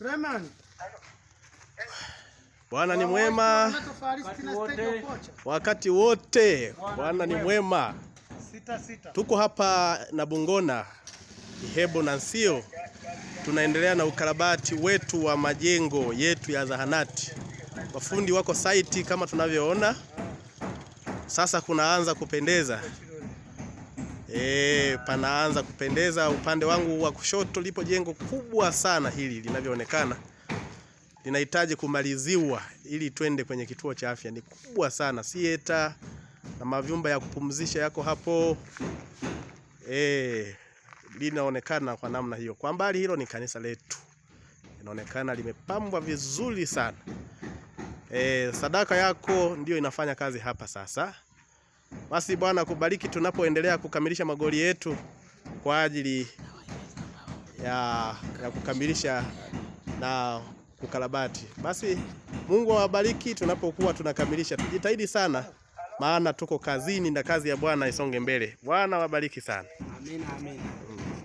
Rayman. Bwana ni mwema wakati wote, Bwana ni mwema sita, sita. Tuko hapa na Bungona Ihebo na Nsio, tunaendelea na ukarabati wetu wa majengo yetu ya zahanati. Wafundi wako saiti kama tunavyoona, sasa kunaanza kupendeza. E, panaanza kupendeza upande wangu wa kushoto lipo jengo kubwa sana hili linavyoonekana. Linahitaji kumaliziwa ili twende kwenye kituo cha afya. Ni kubwa sana, sieta na mavyumba ya kupumzisha yako hapo. E, linaonekana kwa namna hiyo. Kwa mbali hilo ni kanisa letu. Inaonekana limepambwa vizuri sana. E, sadaka yako ndiyo inafanya kazi hapa sasa. Basi Bwana kubariki tunapoendelea kukamilisha magoli yetu kwa ajili ya, ya kukamilisha na kukarabati Basi Mungu awabariki tunapokuwa tunakamilisha. Tujitahidi sana maana tuko kazini na kazi ya Bwana isonge mbele. Bwana wabariki sana. Amina, amina.